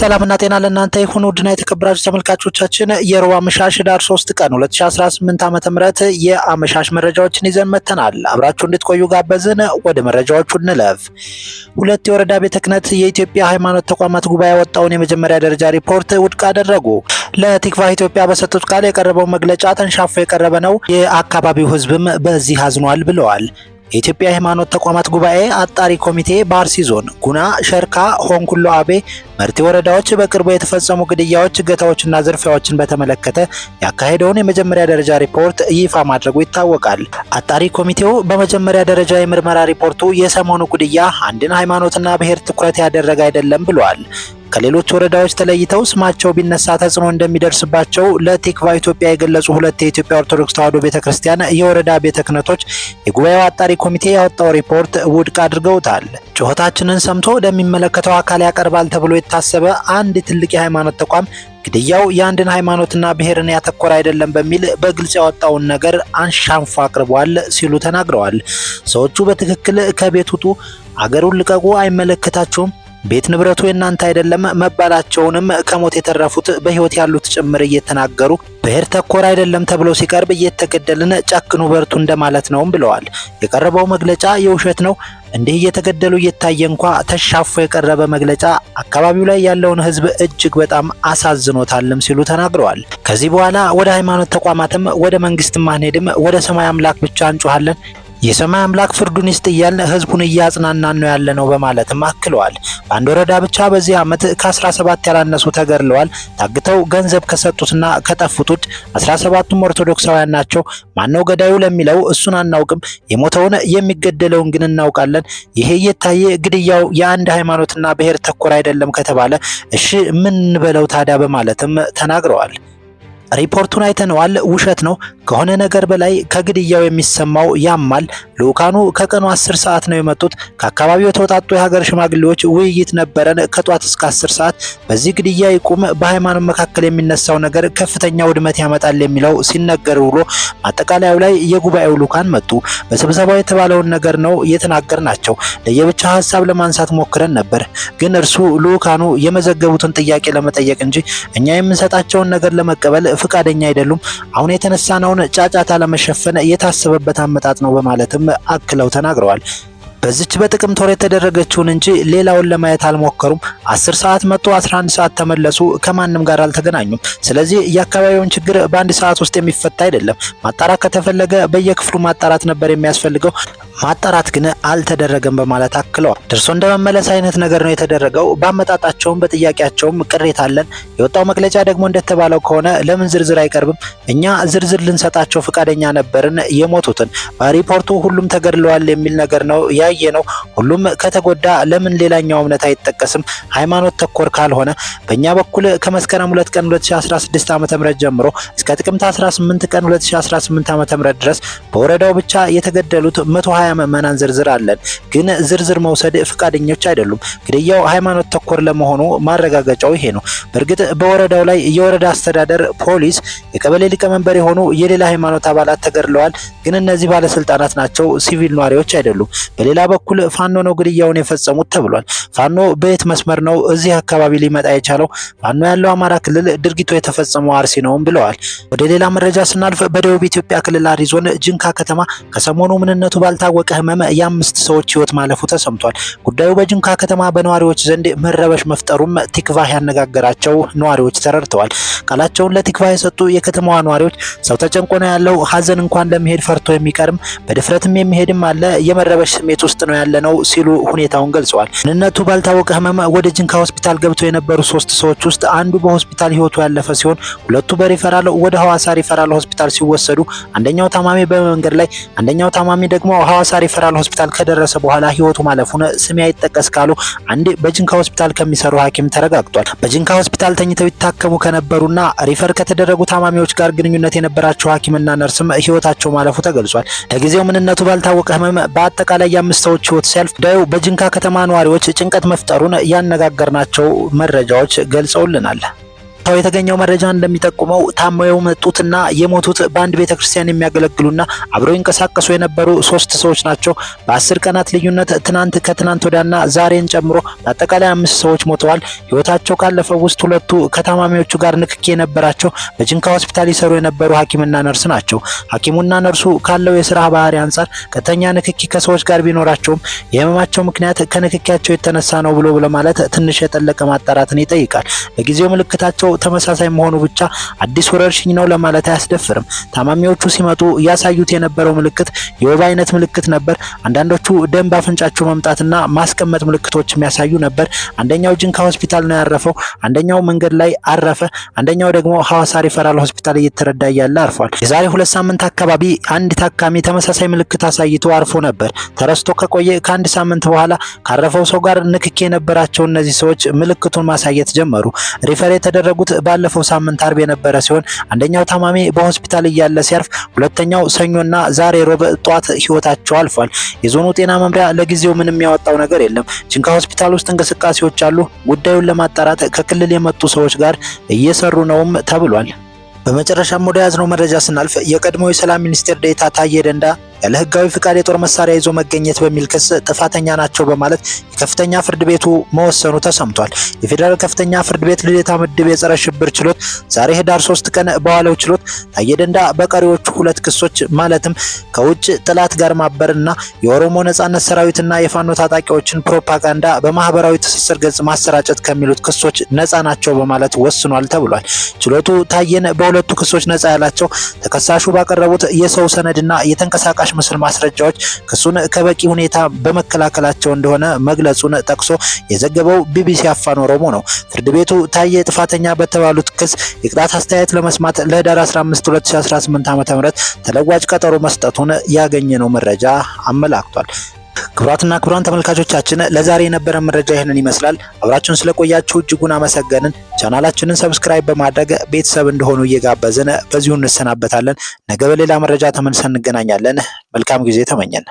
ሰላምና ጤና ለእናንተ ይሁን ውድና የተከበራችሁ ተመልካቾቻችን፣ የሮብ አመሻሽ ዳር 3 ቀን 2018 ዓ ም የአመሻሽ መረጃዎችን ይዘን መጥተናል። አብራችሁ እንድትቆዩ ጋበዝን። ወደ መረጃዎቹ እንለፍ። ሁለት የወረዳ ቤተ ክህነት የኢትዮጵያ ሃይማኖት ተቋማት ጉባኤ ያወጣውን የመጀመሪያ ደረጃ ሪፖርት ውድቅ አደረጉ። ለቲክቫህ ኢትዮጵያ በሰጡት ቃል የቀረበው መግለጫ ተንሻፎ የቀረበ ነው፣ የአካባቢው ህዝብም በዚህ አዝኗል ብለዋል። የኢትዮጵያ የሃይማኖት ተቋማት ጉባኤ አጣሪ ኮሚቴ በአርሲ ዞን ጉና ሸርካ ሆንኩሎ አቤ መርቲ ወረዳዎች በቅርቡ የተፈጸሙ ግድያዎች፣ እገታዎችና ዝርፊያዎችን በተመለከተ ያካሄደውን የመጀመሪያ ደረጃ ሪፖርት ይፋ ማድረጉ ይታወቃል። አጣሪ ኮሚቴው በመጀመሪያ ደረጃ የምርመራ ሪፖርቱ የሰሞኑ ግድያ አንድን ሃይማኖትና ብሔር ትኩረት ያደረገ አይደለም ብሏል። ከሌሎች ወረዳዎች ተለይተው ስማቸው ቢነሳ ተጽዕኖ እንደሚደርስባቸው ለቲክቫ ኢትዮጵያ የገለጹ ሁለት የኢትዮጵያ ኦርቶዶክስ ተዋሕዶ ቤተ ክርስቲያን የወረዳ ቤተ ክህነቶች የጉባኤው አጣሪ ኮሚቴ ያወጣው ሪፖርት ውድቅ አድርገውታል። ጩኸታችንን ሰምቶ ወደሚመለከተው አካል ያቀርባል ተብሎ የታሰበ አንድ ትልቅ የሃይማኖት ተቋም ግድያው የአንድን ሃይማኖትና ብሔርን ያተኮረ አይደለም በሚል በግልጽ ያወጣውን ነገር አንሻንፎ አቅርቧል ሲሉ ተናግረዋል። ሰዎቹ በትክክል ከቤት ውጡ፣ አገሩን ልቀቁ፣ አይመለከታቸውም ቤት ንብረቱ የእናንተ አይደለም መባላቸውንም ከሞት የተረፉት በህይወት ያሉት ጭምር እየተናገሩ ብሔር ተኮር አይደለም ተብሎ ሲቀርብ እየተገደልን ጨክኑ በርቱ እንደማለት ነውም ብለዋል። የቀረበው መግለጫ የውሸት ነው። እንዲህ እየተገደሉ እየታየ እንኳ ተሻፎ የቀረበ መግለጫ አካባቢው ላይ ያለውን ህዝብ እጅግ በጣም አሳዝኖታልም ሲሉ ተናግረዋል። ከዚህ በኋላ ወደ ሃይማኖት ተቋማትም ወደ መንግስትም አንሄድም፣ ወደ ሰማይ አምላክ ብቻ እንጮሃለን የሰማይ አምላክ ፍርዱን ይስጥ እያልን ህዝቡን እያጽናናን ነው ያለነው በማለትም አክለዋል። በአንድ ወረዳ ብቻ በዚህ ዓመት ከ17 ያላነሱ ተገድለዋል። ታግተው ገንዘብ ከሰጡትና ከጠፉት ውጭ 17ቱም ኦርቶዶክሳውያን ናቸው። ማነው ገዳዩ ለሚለው እሱን አናውቅም፣ የሞተውን የሚገደለውን ግን እናውቃለን። ይሄ እየታየ ግድያው የአንድ ሃይማኖትና ብሔር ተኮር አይደለም ከተባለ እሺ ምን በለው ታዲያ በማለትም ተናግረዋል። ሪፖርቱን አይተነዋል። ውሸት ነው። ከሆነ ነገር በላይ ከግድያው የሚሰማው ያማል። ልኡካኑ ከቀኑ 10 ሰዓት ነው የመጡት። ከአካባቢው የተውጣጡ የሀገር ሽማግሌዎች ውይይት ነበረን ከጧት እስከ 10 ሰዓት። በዚህ ግድያ ይቁም፣ በሃይማኖት መካከል የሚነሳው ነገር ከፍተኛ ውድመት ያመጣል የሚለው ሲነገር ውሎ ማጠቃለያው ላይ የጉባኤው ልኡካን መጡ። በስብሰባው የተባለውን ነገር ነው የተናገር ናቸው። ለየብቻ ሀሳብ ለማንሳት ሞክረን ነበር፣ ግን እርሱ ልኡካኑ የመዘገቡትን ጥያቄ ለመጠየቅ እንጂ እኛ የምንሰጣቸውን ነገር ለመቀበል ፍቃደኛ አይደሉም። አሁን የተነሳነውን ጫጫታ ለመሸፈን የታሰበበት አመጣጥ ነው በማለትም አክለው ተናግረዋል። በዚች በጥቅምት ወር የተደረገችውን እንጂ ሌላውን ለማየት አልሞከሩም። አስር ሰዓት መጡ፣ 11 ሰዓት ተመለሱ፣ ከማንም ጋር አልተገናኙም። ስለዚህ የአካባቢውን ችግር በአንድ ሰዓት ውስጥ የሚፈታ አይደለም። ማጣራት ከተፈለገ በየክፍሉ ማጣራት ነበር የሚያስፈልገው። ማጣራት ግን አልተደረገም በማለት አክለዋል። ደርሶ እንደመመለስ አይነት ነገር ነው የተደረገው። በአመጣጣቸውም በጥያቄያቸውም ቅሬታ አለን። የወጣው መግለጫ ደግሞ እንደተባለው ከሆነ ለምን ዝርዝር አይቀርብም? እኛ ዝርዝር ልንሰጣቸው ፈቃደኛ ነበርን። የሞቱትን በሪፖርቱ ሁሉም ተገድለዋል የሚል ነገር ነው ያየ ነው። ሁሉም ከተጎዳ ለምን ሌላኛው እምነት አይጠቀስም? ሃይማኖት ተኮር ካልሆነ በእኛ በኩል ከመስከረም 2 ቀን 2016 ዓ.ም ጀምሮ እስከ ጥቅምት 18 ቀን 2018 ዓ.ም ድረስ በወረዳው ብቻ የተገደሉት 120 ሀያ ምዕመናን ዝርዝር አለን፣ ግን ዝርዝር መውሰድ ፈቃደኞች አይደሉም። ግድያው ሃይማኖት ተኮር ለመሆኑ ማረጋገጫው ይሄ ነው። በእርግጥ በወረዳው ላይ የወረዳ አስተዳደር፣ ፖሊስ፣ የቀበሌ ሊቀመንበር የሆኑ የሌላ ሃይማኖት አባላት ተገድለዋል፣ ግን እነዚህ ባለስልጣናት ናቸው፣ ሲቪል ነዋሪዎች አይደሉም። በሌላ በኩል ፋኖ ነው ግድያውን የፈጸሙት ተብሏል። ፋኖ በየት መስመር ነው እዚህ አካባቢ ሊመጣ የቻለው? ፋኖ ያለው አማራ ክልል ድርጊቱ የተፈጸመው አርሲ ነውም ብለዋል። ወደ ሌላ መረጃ ስናልፍ በደቡብ ኢትዮጵያ ክልል አሪ ዞን ጅንካ ከተማ ከሰሞኑ ምንነቱ ባልታወቀ ባልታወቀ ህመም የአምስት ሰዎች ህይወት ማለፉ ተሰምቷል። ጉዳዩ በጅንካ ከተማ በነዋሪዎች ዘንድ መረበሽ መፍጠሩም ቲክቫህ ያነጋገራቸው ነዋሪዎች ተረድተዋል። ቃላቸውን ለቲክቫህ የሰጡ የከተማዋ ነዋሪዎች ሰው ተጨንቆ ነው ያለው፣ ሀዘን እንኳን ለመሄድ ፈርቶ የሚቀርም በድፍረትም የሚሄድም አለ፣ የመረበሽ ስሜት ውስጥ ነው ያለ ነው ሲሉ ሁኔታውን ገልጸዋል። ምንነቱ ባልታወቀ ህመም ወደ ጅንካ ሆስፒታል ገብተው የነበሩ ሶስት ሰዎች ውስጥ አንዱ በሆስፒታል ህይወቱ ያለፈ ሲሆን ሁለቱ በሪፈራል ወደ ሐዋሳ ሪፈራል ሆስፒታል ሲወሰዱ አንደኛው ታማሚ በመንገድ ላይ አንደኛው ታማሚ ደግሞ ሐዋሳ ሐዋሳ ሪፈራል ሆስፒታል ከደረሰ በኋላ ህይወቱ ማለፉን ስሜ አይጠቀስ ካሉ አንድ በጅንካ ሆስፒታል ከሚሰሩ ሐኪም ተረጋግጧል። በጅንካ ሆስፒታል ተኝተው ይታከሙ ከነበሩና ሪፈር ከተደረጉ ታማሚዎች ጋር ግንኙነት የነበራቸው ሐኪምና ነርስም ህይወታቸው ማለፉ ተገልጿል። ለጊዜው ምንነቱ ባልታወቀ ህመም በአጠቃላይ የአምስት ሰዎች ህይወት ሲያልፍ ጉዳዩ በጅንካ ከተማ ነዋሪዎች ጭንቀት መፍጠሩን ያነጋገርናቸው መረጃዎች ገልጸውልናል። ከቦታው የተገኘው መረጃ እንደሚጠቁመው ታመው የመጡትና የሞቱት በአንድ ቤተክርስቲያን የሚያገለግሉና አብረው ይንቀሳቀሱ የነበሩ ሶስት ሰዎች ናቸው። በአስር ቀናት ልዩነት ትናንት ከትናንት ወዲያና ዛሬን ጨምሮ በአጠቃላይ አምስት ሰዎች ሞተዋል። ህይወታቸው ካለፈው ውስጥ ሁለቱ ከታማሚዎቹ ጋር ንክኪ የነበራቸው በጅንካ ሆስፒታል ይሰሩ የነበሩ ሐኪምና ነርስ ናቸው። ሐኪሙና ነርሱ ካለው የስራ ባህሪ አንጻር ቀጥተኛ ንክኪ ከሰዎች ጋር ቢኖራቸውም የህመማቸው ምክንያት ከንክኪያቸው የተነሳ ነው ብሎ ለማለት ትንሽ የጠለቀ ማጣራትን ይጠይቃል። በጊዜው ምልክታቸው ተመሳሳይ መሆኑ ብቻ አዲስ ወረርሽኝ ነው ለማለት አያስደፍርም። ታማሚዎቹ ሲመጡ እያሳዩት የነበረው ምልክት የወባ አይነት ምልክት ነበር። አንዳንዶቹ ደም ባፍንጫቸው መምጣትና ማስቀመጥ ምልክቶች የሚያሳዩ ነበር። አንደኛው ጅንካ ሆስፒታል ነው ያረፈው። አንደኛው መንገድ ላይ አረፈ። አንደኛው ደግሞ ሐዋሳ ሪፈራል ሆስፒታል እየተረዳ እያለ አርፏል። የዛሬ ሁለት ሳምንት አካባቢ አንድ ታካሚ ተመሳሳይ ምልክት አሳይቶ አርፎ ነበር። ተረስቶ ከቆየ ከአንድ ሳምንት በኋላ ካረፈው ሰው ጋር ንክኪ የነበራቸው እነዚህ ሰዎች ምልክቱን ማሳየት ጀመሩ። ሪፈር የተደረጉ የሞቱት ባለፈው ሳምንት አርብ የነበረ ሲሆን አንደኛው ታማሚ በሆስፒታል እያለ ሲያርፍ፣ ሁለተኛው ሰኞና ዛሬ ሮብ ጧት ህይወታቸው አልፏል። የዞኑ ጤና መምሪያ ለጊዜው ምንም ያወጣው ነገር የለም። ጅንካ ሆስፒታል ውስጥ እንቅስቃሴዎች አሉ። ጉዳዩን ለማጣራት ከክልል የመጡ ሰዎች ጋር እየሰሩ ነውም ተብሏል። በመጨረሻም ወደ ያዝነው መረጃ ስናልፍ የቀድሞው የሰላም ሚኒስቴር ዴኤታ ታዬ ደንዳ ያለ ህጋዊ ፍቃድ የጦር መሳሪያ ይዞ መገኘት በሚል ክስ ጥፋተኛ ናቸው በማለት የከፍተኛ ፍርድ ቤቱ መወሰኑ ተሰምቷል። የፌዴራል ከፍተኛ ፍርድ ቤት ልደታ ምድብ የጸረ ሽብር ችሎት ዛሬ ህዳር 3 ቀን በዋለው ችሎት ታዬ በቀሪዎቹ ሁለት ክሶች ማለትም ከውጭ ጥላት ጋር ማበርና የኦሮሞ ነጻነት ሰራዊትና የፋኖ ታጣቂዎችን ፕሮፓጋንዳ በማህበራዊ ትስስር ገጽ ማሰራጨት ከሚሉት ክሶች ነጻ ናቸው በማለት ወስኗል ተብሏል። ችሎቱ ታዬን በሁለቱ ክሶች ነጻ ያላቸው ተከሳሹ ባቀረቡት የሰው ሰነድና የተንቀሳቃሽ ተንቀሳቃሽ ምስል ማስረጃዎች ክሱን ከበቂ ሁኔታ በመከላከላቸው እንደሆነ መግለጹን ጠቅሶ የዘገበው ቢቢሲ አፋን ኦሮሞ ነው። ፍርድ ቤቱ ታየ ጥፋተኛ በተባሉት ክስ የቅጣት አስተያየት ለመስማት ለህዳር 15 2018 ዓ.ም ተለዋጭ ቀጠሮ መስጠቱን ያገኘነው መረጃ አመላክቷል። ክቡራትና ክቡራን ተመልካቾቻችን ለዛሬ የነበረ መረጃ ይህንን ይመስላል። አብራችሁን ስለቆያችሁ እጅጉን አመሰገንን። ቻናላችንን ሰብስክራይብ በማድረግ ቤተሰብ እንደሆኑ እየጋበዝን በዚሁ እንሰናበታለን። ነገ በሌላ መረጃ ተመልሰን እንገናኛለን። መልካም ጊዜ ተመኘን።